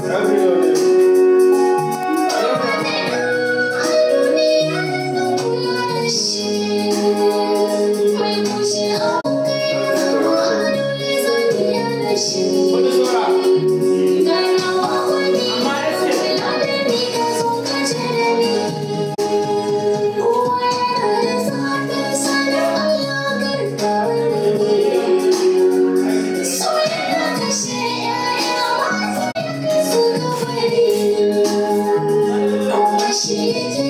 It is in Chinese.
哎，朋友，你呀的，我的心，每呼吸，我感到我流连在你 see